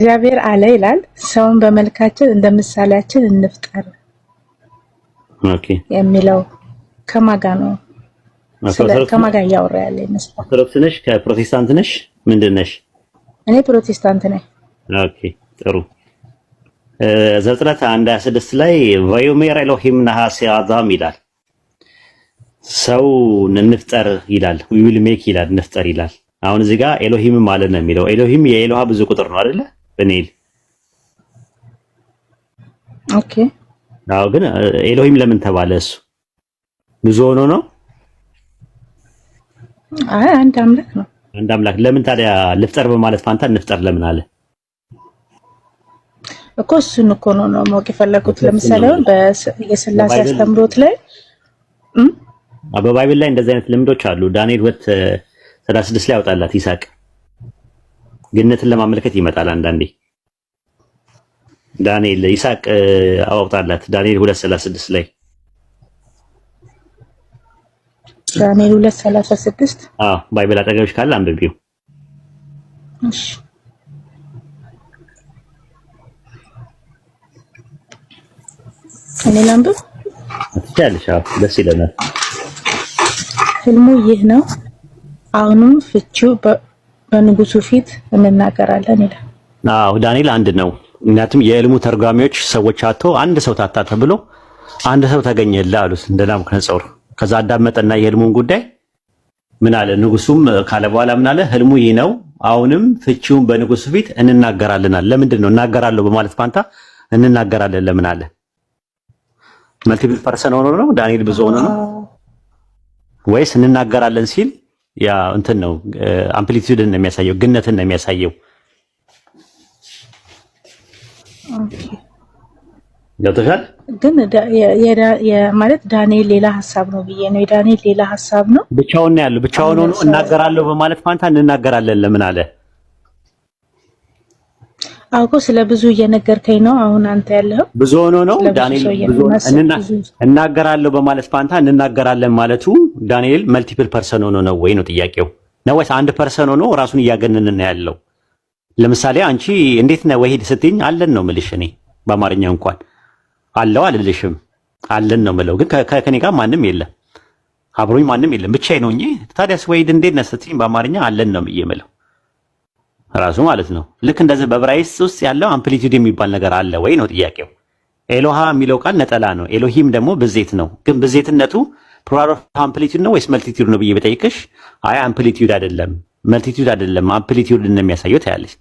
እግዚአብሔር አለ ይላል፣ ሰውን በመልካችን እንደ ምሳሌያችን እንፍጠር የሚለው ከማጋ ነው። ከማጋ እያወራ ያለ ይመስላል። ኦርቶዶክስ ነሽ? ከፕሮቴስታንት ነሽ? ምንድን ነሽ? እኔ ፕሮቴስታንት ነኝ። ኦኬ ጥሩ። ዘፍጥረት አንድ ሃያ ስድስት ላይ ቫዮሜር ኤሎሂም ነሐሴ አዳም ይላል፣ ሰው እንፍጠር ይላል፣ ዊል ሜክ ይላል፣ እንፍጠር ይላል። አሁን እዚህ ጋር ኤሎሂም ማለት ነው የሚለው ኤሎሂም የኤሎሃ ብዙ ቁጥር ነው አይደለ? በኔል ኦኬ። አዎ፣ ግን ኤሎሂም ለምን ተባለ? እሱ ብዙ ሆኖ ነው። አይ አንድ አምላክ ነው። አንድ አምላክ ለምን ታዲያ ልፍጠር በማለት ፋንታ እንፍጠር ለምን አለ? እኮ እሱን እኮ ነው ነው ማወቅ የፈለጉት። ለምሳሌ የስላሴ አስተምሮት ላይ በባይብል ላይ እንደዚህ አይነት ልምዶች አሉ። ዳንኤል ሁለት ሰላሳ ስድስት ላይ ያወጣላት ይስሐቅ ግነትን ለማመልከት ይመጣል አንዳንዴ። ዳንኤል ይስሐቅ አዋውጣላት። ዳንኤል 236 ላይ ዳንኤል 236 አዎ፣ ባይብል አጠገብሽ ካለ አንብቢው። እሺ እኔ ላንብብ አትቻለሽ? አዎ፣ ደስ ይለናል። ህልሙ ይህ ነው። አሁንም ፍቺው በንጉሱ ፊት እንናገራለን ይላል። አዎ ዳንኤል አንድ ነው። ምክንያቱም የዕልሙ ተርጓሚዎች ሰዎች አቶ አንድ ሰው ታታ ተብሎ አንድ ሰው ተገኘልህ አሉት እንደ ናቡከደነፆር። ከዛ አዳመጠና የህልሙን ጉዳይ ምን አለ ንጉሱም ካለ በኋላ ምን አለ ህልሙ ይህ ነው። አሁንም ፍቺውን በንጉሱ ፊት እንናገራለን አለ። ለምንድን ነው እናገራለሁ በማለት ፋንታ እንናገራለን ለምን አለ? መልቲፕል ፐርሰን ሆኖ ነው ዳንኤል ብዙ ሆኖ ነው ወይስ እንናገራለን ሲል ያ እንትን ነው አምፕሊቲዩድን ነው የሚያሳየው፣ ግነትን ነው የሚያሳየው። ገብቶሻል? ግን ማለት ዳንኤል ሌላ ሀሳብ ነው ብዬ ነው የዳንኤል ሌላ ሀሳብ ነው ብቻውን ነው ያለው። ብቻውን ሆኖ እናገራለሁ በማለት ፋንታ እንናገራለን ለምን አለ አውቆ ስለ ብዙ እየነገርከኝ ነው አሁን አንተ ያለው ብዙ ሆኖ ነው ዳንኤል ብዙ እናገራለሁ በማለት ፋንታ እንናገራለን ማለቱ ዳንኤል መልቲፕል ፐርሰን ሆኖ ነው ወይ ነው ጥያቄው ነው ወይስ አንድ ፐርሰን ሆኖ ራሱን እያገነን ነው ያለው ለምሳሌ አንቺ እንዴት ነህ ወሂድ ስትይኝ አለን ነው ምልሽ እኔ በአማርኛ እንኳን አለው አልልሽም አለን ነው ምለው ግን ከኔ ጋር ማንም የለም አብሮኝ ማንም የለም ነው ሆኜ ታዲያስ ወሂድ እንዴት ነህ ስትይኝ በአማርኛ አለን ነው ብዬ ምለው ራሱ ማለት ነው። ልክ እንደዚህ በብራይስ ውስጥ ያለው አምፕሊቲዩድ የሚባል ነገር አለ ወይ ነው ጥያቄው። ኤሎሃ የሚለው ቃል ነጠላ ነው። ኤሎሂም ደግሞ ብዜት ነው። ግን ብዜትነቱ ፕሉራል ኦፍ አምፕሊቲዩድ ነው ወይስ መልቲቲዩድ ነው ብዬ አይ አምፕሊቲዩድ አይደለም፣ መልቲቲዩድ አይደለም፣ አምፕሊቲዩድ እንደሚያሳየው ታያለሽ።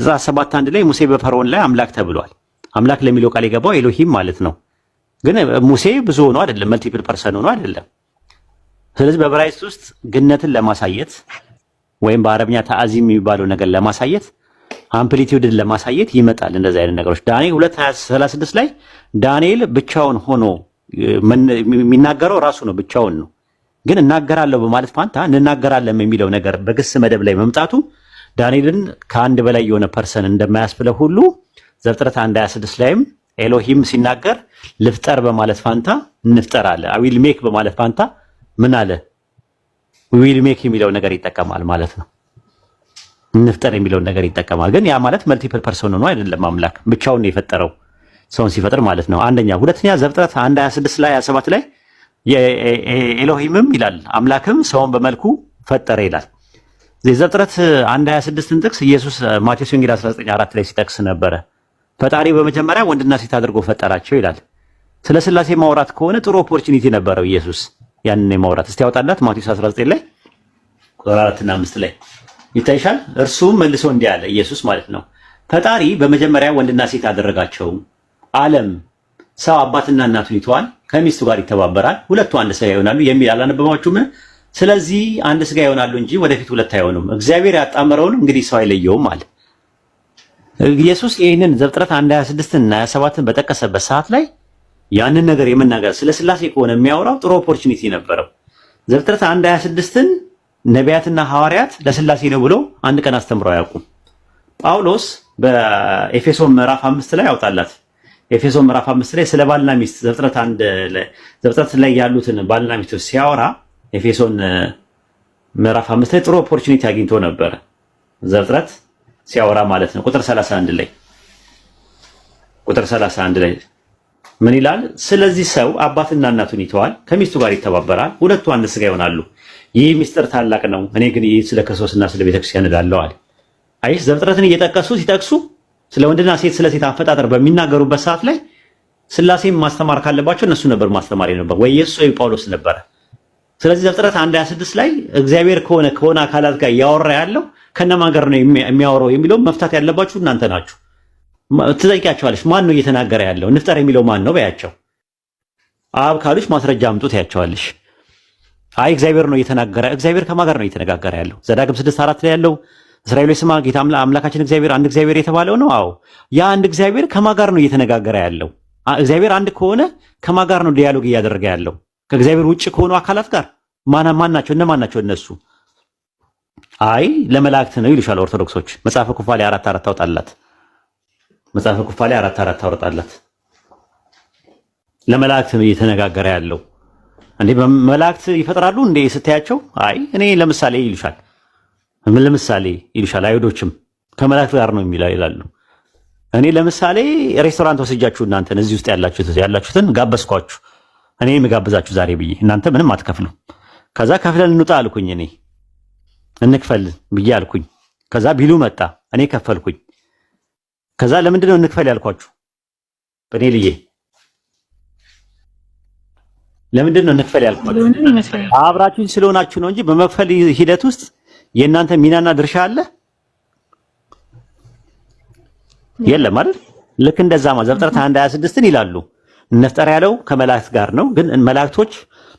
እዛ ሰባት አንድ ላይ ሙሴ በፈርዖን ላይ አምላክ ተብሏል። አምላክ ለሚለው ቃል የገባው ኤሎሂም ማለት ነው። ግን ሙሴ ብዙ ሆኖ አይደለም፣ መልቲፕል ፐርሰን ሆኖ አይደለም። ስለዚህ በብራይስ ውስጥ ግነትን ለማሳየት ወይም በአረብኛ ተአዚም የሚባለው ነገር ለማሳየት አምፕሊቲዩድን ለማሳየት ይመጣል። እንደዚህ አይነት ነገሮች ዳንኤል 2:36 ላይ ዳንኤል ብቻውን ሆኖ የሚናገረው ራሱ ነው፣ ብቻውን ነው። ግን እናገራለሁ በማለት ፋንታ እንናገራለን የሚለው ነገር በግስ መደብ ላይ መምጣቱ ዳንኤልን ከአንድ በላይ የሆነ ፐርሰን እንደማያስብለው ሁሉ ዘፍጥረት 1:26 ላይም ኤሎሂም ሲናገር ልፍጠር በማለት ፋንታ እንፍጠር አለ። አዊል ሜክ በማለት ፋንታ ምን አለ? ዊል ሜክ የሚለውን ነገር ይጠቀማል ማለት ነው። እንፍጠር የሚለውን ነገር ይጠቀማል። ግን ያ ማለት መልቲፕል ፐርሰን ነው አይደለም። አምላክ ብቻውን ነው የፈጠረው ሰውን ሲፈጥር ማለት ነው። አንደኛ። ሁለተኛ ዘፍጥረት 1 26 ላይ 27 ላይ ኤሎሂምም ይላል አምላክም ሰውን በመልኩ ፈጠረ ይላል። የዘፍጥረት 1 26ን ጥቅስ ኢየሱስ ማቴዎስ ወንጌል 19 ላይ ሲጠቅስ ነበረ። ፈጣሪ በመጀመሪያ ወንድና ሴት አድርጎ ፈጠራቸው ይላል። ስለ ስላሴ ማውራት ከሆነ ጥሩ ኦፖርቹኒቲ ነበረው ኢየሱስ ያንን የማውራት እስቲ ያወጣላት ማቴዎስ 19 ላይ ቁጥር 4 እና 5 ላይ ይታይሻል። እርሱም መልሶ እንዲህ አለ፣ ኢየሱስ ማለት ነው። ፈጣሪ በመጀመሪያ ወንድና ሴት አደረጋቸው። ዓለም ሰው አባትና እናቱን ይተዋል፣ ከሚስቱ ጋር ይተባበራል፣ ሁለቱ አንድ ስጋ ይሆናሉ የሚል አላነበባችሁም? ስለዚህ አንድ ስጋ ይሆናሉ እንጂ ወደፊት ሁለት አይሆኑም። እግዚአብሔር ያጣመረውን እንግዲህ ሰው አይለየውም አለ። ኢየሱስ ይህንን ዘፍጥረት 1 26 እና 27 በጠቀሰበት ሰዓት ላይ ያንን ነገር የመናገር ስለ ስላሴ ከሆነ የሚያወራው ጥሩ ኦፖርቹኒቲ ነበረው። ዘፍጥረት አንድ 26ን ነቢያትና ሐዋርያት ለስላሴ ነው ብሎ አንድ ቀን አስተምረው አያውቁም። ጳውሎስ በኤፌሶን ምዕራፍ አምስት ላይ ያውጣላት ኤፌሶን ምዕራፍ አምስት ላይ ስለ ባልና ሚስት ዘፍጥረት አንድ ዘፍጥረት ላይ ያሉትን ባልና ሚስት ሲያወራ ኤፌሶን ምዕራፍ አምስት ላይ ጥሩ ኦፖርቹኒቲ አግኝቶ ነበረ ዘፍጥረት ሲያወራ ማለት ነው። ቁጥር 31 ላይ ቁጥር 31 ላይ ምን ይላል? ስለዚህ ሰው አባትና እናቱን ይተዋል፣ ከሚስቱ ጋር ይተባበራል፣ ሁለቱ አንድ ስጋ ይሆናሉ። ይህ ምስጢር ታላቅ ነው፣ እኔ ግን ይህ ስለ ክርስቶስና ስለ ቤተክርስቲያን እላለዋል። አይስ ዘፍጥረትን እየጠቀሱ ሲጠቅሱ ስለ ወንድና ሴት ስለ ሴት አፈጣጠር በሚናገሩበት ሰዓት ላይ ስላሴን ማስተማር ካለባቸው እነሱ ነበር ማስተማር ነበር ወይ ኢየሱስ ወይ ጳውሎስ ነበረ። ስለዚህ ዘፍጥረት 1:26 ላይ እግዚአብሔር ከሆነ ከሆነ አካላት ጋር እያወራ ያለው ከነማን ጋር ነው የሚያወራው የሚለው መፍታት ያለባችሁ እናንተ ናችሁ። ትጠይቂያቸዋለች። ማን ነው እየተናገረ ያለው? ንፍጠር የሚለው ማን ነው በያቸው። አብ ካሉች ማስረጃ አምጡ ያቸዋለች። አይ እግዚአብሔር ነው እየተናገረ። እግዚአብሔር ከማን ጋር ነው እየተነጋገረ ያለው? ዘዳግም ስድስት አራት ላይ ያለው እስራኤል ስማ ጌታ አምላካችን እግዚአብሔር አንድ እግዚአብሔር የተባለው ነው። አዎ ያ አንድ እግዚአብሔር ከማን ጋር ነው እየተነጋገረ ያለው? እግዚአብሔር አንድ ከሆነ ከማን ጋር ነው ዲያሎግ እያደረገ ያለው? ከእግዚአብሔር ውጭ ከሆኑ አካላት ጋር ማና ማን ናቸው? እነማን ናቸው እነሱ? አይ ለመላእክት ነው ይሉሻል ኦርቶዶክሶች። መጽሐፈ ኩፋሌ አራት አራት ታውጣላት መጽሐፈ ኩፋሌ አራት አራት አውርጣላት ለመላእክት እየተነጋገረ ያለው እንዴ መላእክት ይፈጥራሉ እንዴ ስታያቸው፣ አይ እኔ ለምሳሌ ይሉሻል፣ ምን ለምሳሌ ይሉሻል። አይሁዶችም ከመላእክት ጋር ነው የሚለው ይላሉ። እኔ ለምሳሌ ሬስቶራንት ወስጃችሁ እናንተን እዚህ ውስጥ ያላችሁት ያላችሁትን ጋበዝኳችሁ፣ እኔ የምጋብዛችሁ ዛሬ ብዬ እናንተ ምንም አትከፍሉ። ከዛ ከፍለን እንውጣ አልኩኝ፣ እኔ እንክፈል ብዬ አልኩኝ። ከዛ ቢሉ መጣ፣ እኔ ከፈልኩኝ። ከዛ ለምንድን ነው እንክፈል ያልኳችሁ? ልዬ ለምንድን ነው እንክፈል ያልኳችሁ? አብራችሁኝ ስለሆናችሁ ነው እንጂ በመክፈል ሂደት ውስጥ የእናንተ ሚናና ድርሻ አለ የለም አይደል? ልክ እንደዛ ማ ዘፍጥረት 1 ን ይላሉ ነፍጠር ያለው ከመላእክት ጋር ነው፣ ግን መላእክቶች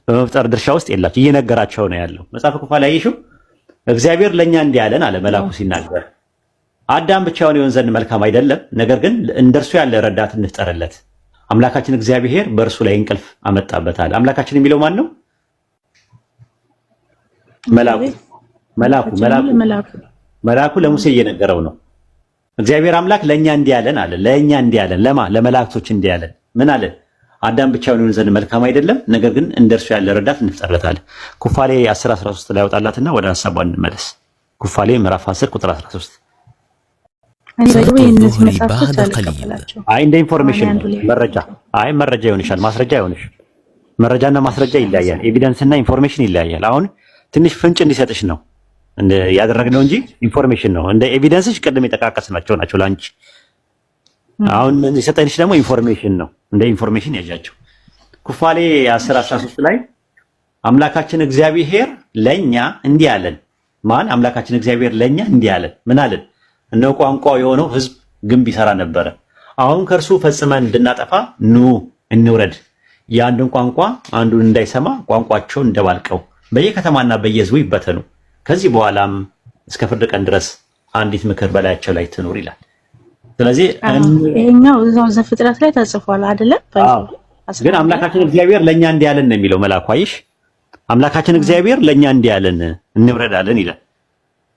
በመፍጠር ድርሻ ውስጥ የላቸው እየነገራቸው ነው ያለው። መጽሐፍ ክፋ ላይ ይሹ እግዚአብሔር ለእኛ እንዲህ አለን አለ መላኩ ሲናገር አዳም ብቻውን ይሆን ዘንድ መልካም አይደለም፣ ነገር ግን እንደርሱ ያለ ረዳት እንፍጠርለት። አምላካችን እግዚአብሔር በእርሱ ላይ እንቅልፍ አመጣበታል። አምላካችን የሚለው ማን ነው? መላኩ መላኩ መላኩ ለሙሴ እየነገረው ነው። እግዚአብሔር አምላክ ለእኛ እንዲህ ያለን አለ። ለእኛ እንዲህ ያለን ለማ ለመላእክቶች እንዲህ ያለን ምን አለ? አዳም ብቻውን ይሆን ዘንድ መልካም አይደለም፣ ነገር ግን እንደርሱ ያለ ረዳት እንፍጠርለታለን። ኩፋሌ 10 13 ላይ ያወጣላትና ወደ ሀሳቧ እንመለስ። ኩፋሌ ምዕራፍ 10 ቁጥር 13 አይ እንደ ኢንፎርሜሽን መረጃ አይ መረጃ ይሆንሻል፣ ማስረጃ ይሆንሽ። መረጃና ማስረጃ ይለያያል። ኤቪደንስ እና ኢንፎርሜሽን ይለያያል። አሁን ትንሽ ፍንጭ እንዲሰጥሽ ነው ያደረግነው እንጂ ኢንፎርሜሽን ነው። እንደ ኤቪደንስሽ ቅድም የጠቃቀስናቸው ናቸው ለአንቺ። አሁን የሰጠንሽ ደግሞ ኢንፎርሜሽን ነው። እንደ ኢንፎርሜሽን ያዣቸው ኩፋሌ 10 13 ላይ አምላካችን እግዚአብሔር ለኛ እንዲህ አለን። ማን አምላካችን እግዚአብሔር ለኛ እንዲህ አለን። ምን አለን? እነ ቋንቋው የሆነው ህዝብ ግንብ ይሰራ ነበረ። አሁን ከእርሱ ፈጽመን እንድናጠፋ ኑ እንውረድ፣ የአንዱን ቋንቋ አንዱን እንዳይሰማ ቋንቋቸውን እንደባልቀው በየከተማና በየህዝቡ ይበተኑ፣ ከዚህ በኋላም እስከ ፍርድ ቀን ድረስ አንዲት ምክር በላያቸው ላይ ትኑር ይላል። ስለዚህ ይሄኛው እዛው ዘፍጥረት ላይ ተጽፏል አይደለም? ግን አምላካችን እግዚአብሔር ለእኛ እንዲያለን ነው የሚለው መልአኩ አይሽ አምላካችን እግዚአብሔር ለእኛ እንዲያለን እንውረዳለን ይላል።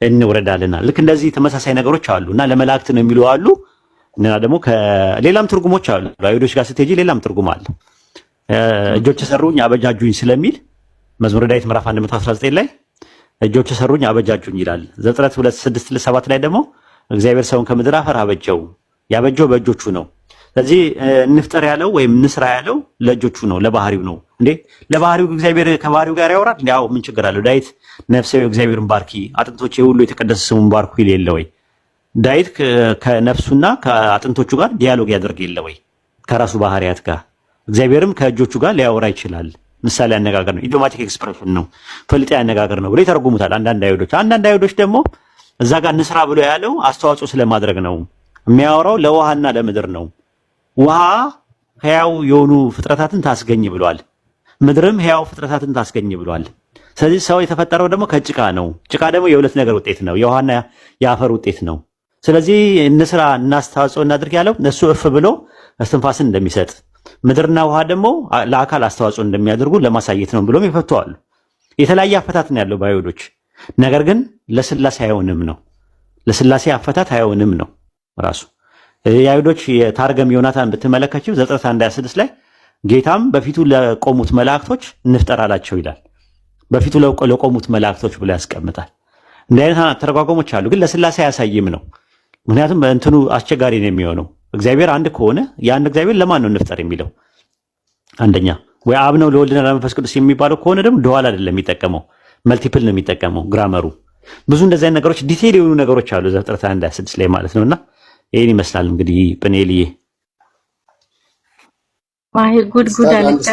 እንወረዳልናል። ልክ እንደዚህ ተመሳሳይ ነገሮች አሉ እና ለመላእክት ነው የሚሉ አሉ እና ደግሞ ከሌላም ትርጉሞች አሉ። አይሁዶች ጋር ስትሄጂ ሌላም ትርጉም አለ። እጆች ሰሩኝ አበጃጁኝ ስለሚል መዝሙረ ዳዊት ምዕራፍ 119 ላይ እጆች ሰሩኝ አበጃጁኝ ይላል። ዘፍጥረት 2 6 7 ላይ ደግሞ እግዚአብሔር ሰውን ከምድር አፈር አበጀው፣ ያበጀው በእጆቹ ነው ስለዚህ እንፍጠር ያለው ወይም እንስራ ያለው ለእጆቹ ነው፣ ለባህሪው ነው። እንዴ ለባህሪው እግዚአብሔር ከባህሪው ጋር ያወራል። ያው ምን ችግር አለው? ዳዊት ነፍሴው እግዚአብሔርን ባርኪ፣ አጥንቶቼ ሁሉ የተቀደሰ ስሙን ባርኩ ይል የለ ወይ? ዳዊት ከነፍሱና ከአጥንቶቹ ጋር ዲያሎግ ያደርግ የለ ወይ? ከራሱ ባህሪያት ጋር እግዚአብሔርም ከእጆቹ ጋር ሊያወራ ይችላል። ምሳሌ አነጋገር ነው፣ ኢዲዮማቲክ ኤክስፕሬሽን ነው፣ ፈልጤ አነጋገር ነው ብሎ ይተረጉሙታል አንዳንድ አይሁዶች። አንዳንድ አይሁዶች ደግሞ እዛ ጋር እንስራ ብሎ ያለው አስተዋጽኦ ስለማድረግ ነው የሚያወራው፣ ለውሃና ለምድር ነው ውሃ ሕያው የሆኑ ፍጥረታትን ታስገኝ ብሏል። ምድርም ሕያው ፍጥረታትን ታስገኝ ብሏል። ስለዚህ ሰው የተፈጠረው ደግሞ ከጭቃ ነው። ጭቃ ደግሞ የሁለት ነገር ውጤት ነው፣ የውሃና የአፈር ውጤት ነው። ስለዚህ እንስራ፣ እናስተዋጽኦ እናድርግ ያለው እነሱ እፍ ብሎ እስትንፋስን እንደሚሰጥ ምድርና ውሃ ደግሞ ለአካል አስተዋጽኦ እንደሚያደርጉ ለማሳየት ነው ብሎም ይፈቷዋሉ። የተለያየ አፈታት ነው ያለው ባይሆዶች። ነገር ግን ለስላሴ አይሆንም ነው ለስላሴ አፈታት አይሆንም ነው ራሱ የአይሁዶች የታርገም ዮናታን ብትመለከችው ዘፍጥረት 1፥26 ላይ ጌታም በፊቱ ለቆሙት መላእክቶች እንፍጠራላቸው ይላል። በፊቱ ለቆሙት መላእክቶች ብሎ ያስቀምጣል። እንዲህ አይነት ተረጓጎሞች አሉ፣ ግን ለስላሴ አያሳይም ነው። ምክንያቱም እንትኑ አስቸጋሪ ነው የሚሆነው። እግዚአብሔር አንድ ከሆነ የአንድ እግዚአብሔር ለማን ነው እንፍጠር የሚለው? አንደኛ ወይ አብ ነው ለወልድና ለመንፈስ ቅዱስ የሚባለው ከሆነ ደግሞ ደዋል አይደለም የሚጠቀመው፣ መልቲፕል ነው የሚጠቀመው ግራመሩ። ብዙ እንደዚህ ነገሮች ዲቴይል የሆኑ ነገሮች አሉ ዘፍጥረት 1፥26 ላይ ማለት ነውና ይህን ይመስላል እንግዲህ ጵኔልዬ። ማሄ ጉድ ጉድ አለች